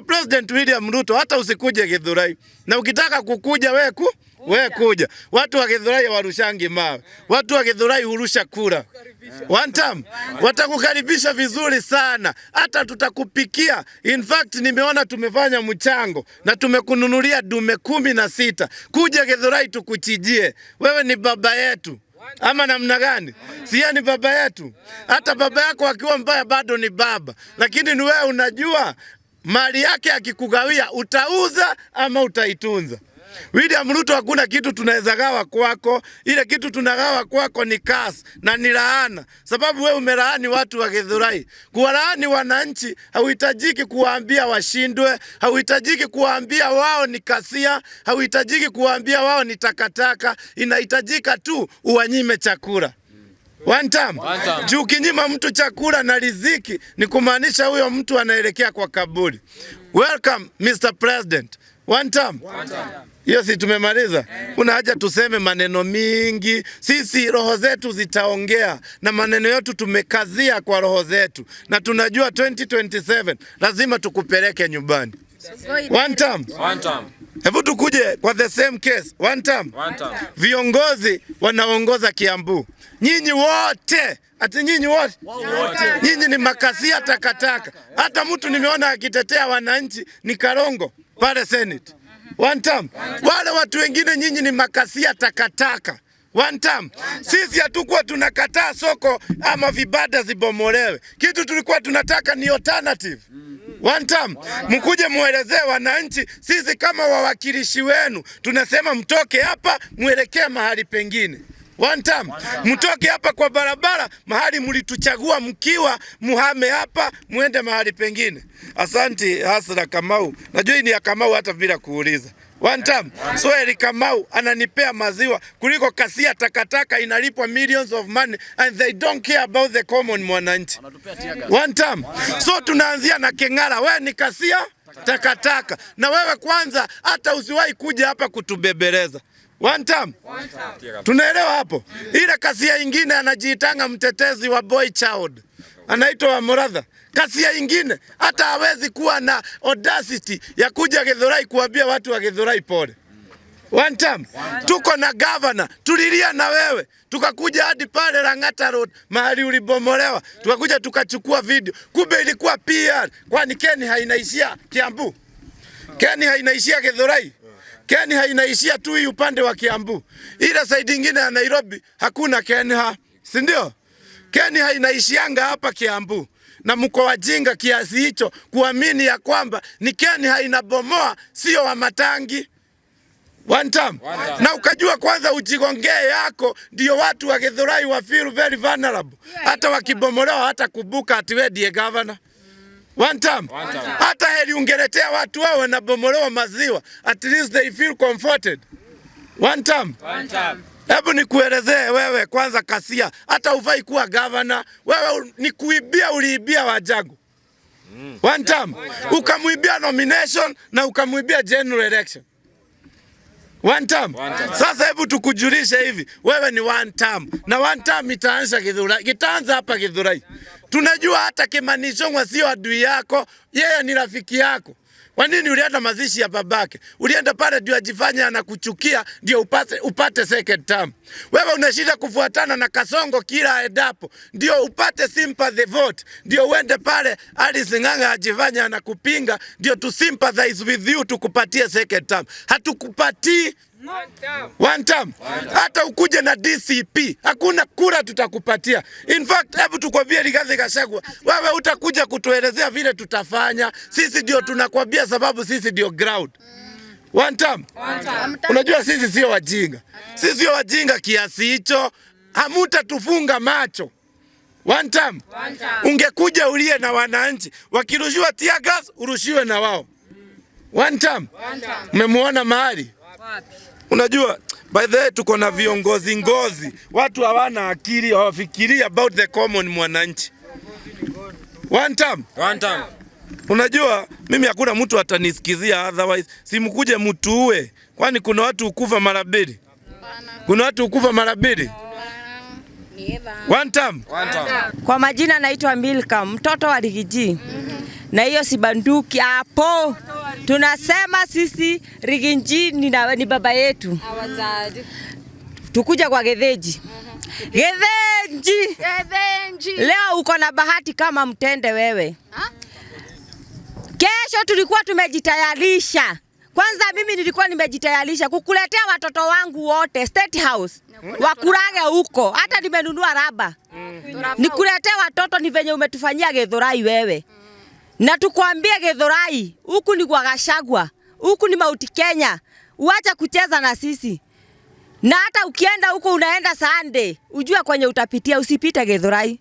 Mr. President William Ruto, hata usikuje Githurai, na ukitaka kukuja we ku we kuja. Watu wa Githurai warushangi mawe, watu wa Githurai hurusha kura one time, watakukaribisha vizuri sana, hata tutakupikia. In fact nimeona tumefanya mchango na tumekununulia dume kumi na sita. Kuja Githurai tukuchijie, wewe ni baba yetu ama namna gani? Sia ni baba yetu. Hata baba yako akiwa mbaya bado ni baba, lakini ni wewe unajua mali yake akikugawia, utauza ama utaitunza? William Ruto, hakuna kitu tunaweza gawa kwako. Ile kitu tunagawa kwako ni kasi na ni laana, sababu we umelaani watu wa Githurai. Kuwalaani wananchi hauhitajiki kuwaambia washindwe, hauhitajiki kuwaambia wao ni kasia, hauhitajiki kuwaambia wao ni takataka. Inahitajika tu uwanyime chakula. One time. One time. Juu kinyima mtu chakula na riziki ni kumaanisha huyo mtu anaelekea kwa kaburi. Welcome Mr. President. One time. One time. Hiyo si tumemaliza? Kuna haja tuseme maneno mingi? Sisi roho zetu zitaongea na maneno yetu tumekazia kwa roho zetu, na tunajua 2027 lazima tukupeleke nyumbani. One time. One time. Hebu tukuje kwa the same case one time. One time. Viongozi wanaongoza Kiambu, nyinyi wote ati nyinyi wote, nyinyi ni makasia takataka. Hata mtu nimeona akitetea wananchi ni Karongo pale Senate one time. Wale watu wengine nyinyi ni makasia takataka one time. Sisi hatukuwa tunakataa soko ama vibada zibomolewe, kitu tulikuwa tunataka ni alternative One time. Mkuje muelezee wananchi, sisi kama wawakilishi wenu tunasema mtoke hapa mwelekee mahali pengine. One time. Mtoke hapa kwa barabara mahali mlituchagua mkiwa, muhame hapa muende mahali pengine. Asanti Hasra Kamau, najua ni ya Kamau hata bila kuuliza. One time. Sweli Kamau ananipea maziwa kuliko kasia takataka inalipwa millions of money and they don't care about the common mwananchi. One time. So tunaanzia na Keng'ara, wewe ni kasia takataka Na wewe kwanza hata usiwahi kuja hapa kutubebeleza. One time. One time. Tunaelewa hapo? Ile kasia ingine anajiitanga mtetezi wa boy child anaitwa Moratha kasia ingine hata hawezi kuwa na audacity ya kuja Githurai kuambia watu wa Githurai pole. One time. Tuko na gavana, tulilia na wewe, tukakuja hadi pale Rangata Road mahali ulibomolewa, tukakuja tukachukua video, kumbe ilikuwa PR. Kwani Keni hainaishia Kiambu? Keni hainaishia Githurai? Keni hainaishia tu hii upande wa Kiambu, ila saidi ingine ya Nairobi hakuna Kenya, si ndio? Kenya hainaishianga hapa Kiambu na mko wajinga kiasi hicho kuamini ya kwamba ni Keni hainabomoa sio wa matangi One time. One time. Na ukajua kwanza ujigongee yako ndio watu wa Githurai wa feel very vulnerable. Hata wakibomolewa hata kubuka ati wewe ndiye governor. One time. One time. Hata heli ungeletea watu wao wanabomolewa maziwa. At least they feel comforted. One time. One time. Hebu nikuelezee wewe kwanza, Kasia, hata uvai kuwa gavana wewe, ni kuibia. Uliibia Wajagu one time, ukamwibia nomination na ukamwibia general election one time. Sasa hebu tukujulishe hivi, wewe ni one time na one time itaanza Githurai, kitaanza hapa Githurai. Tunajua hata Kimani Ichung'wah sio adui yako, yeye ni rafiki yako. Kwa nini ulienda mazishi ya babake? Ulienda pale ndio ajifanye anakuchukia ndio upate, upate second term. Wewe unashinda kufuatana na Kasongo kila endapo ndio upate sympathy vote, ndio uende pale Alice Ng'ang'a ajifanye anakupinga ndio tu sympathize with you tukupatie second term. Hatukupatii One term. Hata ukuje na DCP hakuna kura tutakupatia. In fact, hebu tukwambie Rigathi Gachagua, wewe utakuja kutuelezea vile tutafanya. Sisi ndio tunakwambia sababu sisi ndio ground. One term. Unajua sisi sio wajinga, sisi sio wajinga kiasi hicho, Hamuta tufunga macho. One term. Ungekuja ulie na wananchi, wakirushiwa tear gas urushiwe na wao. One term. Umemwona mahali Unajua, by the way tuko na viongozi ngozi, watu hawana akili, hawafikiri about the common mwananchi. One time. One time. Unajua mimi hakuna mtu atanisikizia, otherwise simkuje mtuue, kwani kuna watu ukuva mara mbili. Kuna watu ukuva mara mbili. One time. One time. Kwa majina naitwa Milka, mtoto wa Rigiji. Mm -hmm. Na hiyo si banduki hapo tunasema sisi Riginji ni, na, ni baba yetu tukuja kwa Getheji. Mhm. Getheji, Getheji, leo uko na bahati kama mtende wewe ha? Kesho tulikuwa tumejitayarisha kwanza, mimi nilikuwa nimejitayarisha kukuletea watoto wangu wote State House wakurage huko, hata nimenunua mm. raba nikuletee watoto. Ni venye umetufanyia Githurai wewe. Mm na tukwambie Githurai, huku ni kwa Gachagua, huku ni Mount Kenya. Uacha kucheza na sisi, na hata ukienda huko unaenda Sunday, ujue kwenye utapitia, usipite Githurai.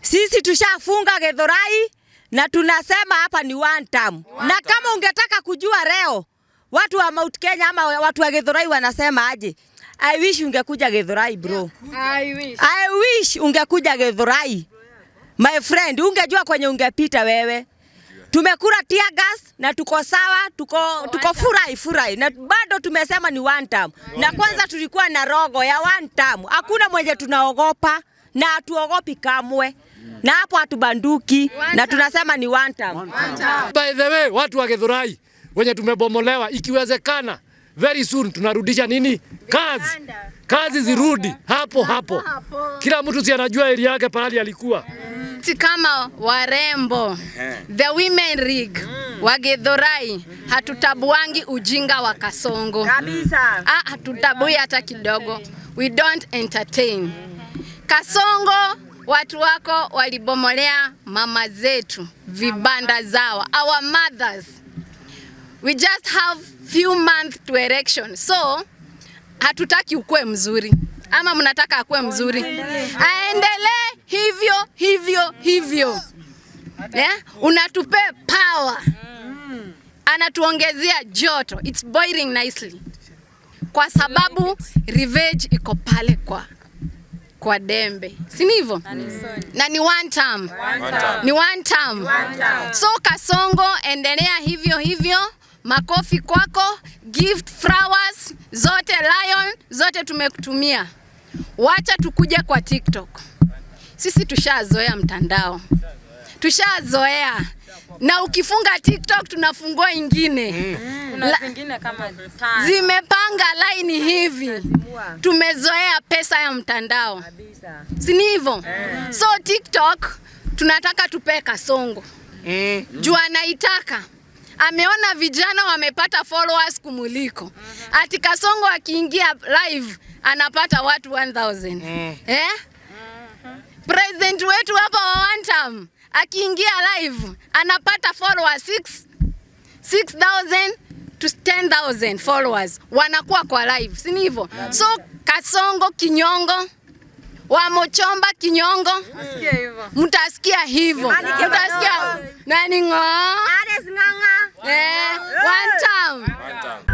Sisi tushafunga Githurai na tunasema hapa ni one time. Na kama ungetaka kujua leo watu wa Mount Kenya ama watu wa Githurai wanasema aje, I wish ungekuja Githurai bro. I wish. I wish ungekuja Githurai my friend, ungejua kwenye ungepita wewe tumekula tear gas na tuko sawa, tuko tuko furahi furahi, na bado tumesema ni one term. Na kwanza tulikuwa na rogo ya one term, hakuna mwenye tunaogopa na hatuogopi kamwe na hapo hatubanduki na tunasema ni one term. By the way, watu wa Githurai wenye tumebomolewa, ikiwezekana very soon tunarudisha nini? Kazi, kazi zirudi hapo hapo, kila mtu si anajua ili yake pahali alikuwa eh sisi kama warembo the women rig mm. Wagedhorai hatutabuangi ujinga wa Kasongo kabisa. Ah, hatutabui hata kidogo, we don't entertain Kasongo. Watu wako walibomolea mama zetu vibanda zao, our mothers. We just have few months to erection, so hatutaki ukue mzuri ama mnataka akuwe mzuri? Aendelee hivyo hivyo hivyo, yeah? Unatupe power, anatuongezea joto, it's boiling nicely, kwa sababu revenge iko pale kwa kwa Dembe, si hivyo? Na ni one term, ni one term. So Kasongo, endelea hivyo hivyo. Makofi kwako, gift flowers zote, Lion zote tumekutumia wacha tukuja kwa TikTok. Sisi tushazoea mtandao, tushazoea na ukifunga TikTok tunafungua ingine mm. kama zimepanga laini hivi, tumezoea pesa ya mtandao, si ni hivyo mm. So TikTok tunataka tupee kasongo mm. juu anaitaka ameona vijana wamepata followers kumuliko. Mhm. Ati Kasongo akiingia live anapata watu 1000. Mm. Eh? Mm-hmm. President wetu hapa wa one akiingia live anapata followers 6000 to 10000 followers wanakuwa kwa live, si hivyo? So Kasongo kinyongo Wamochomba kinyongo, mtasikia hivyo, mtasikia yaani nani ng'anga Eh, one time. One time.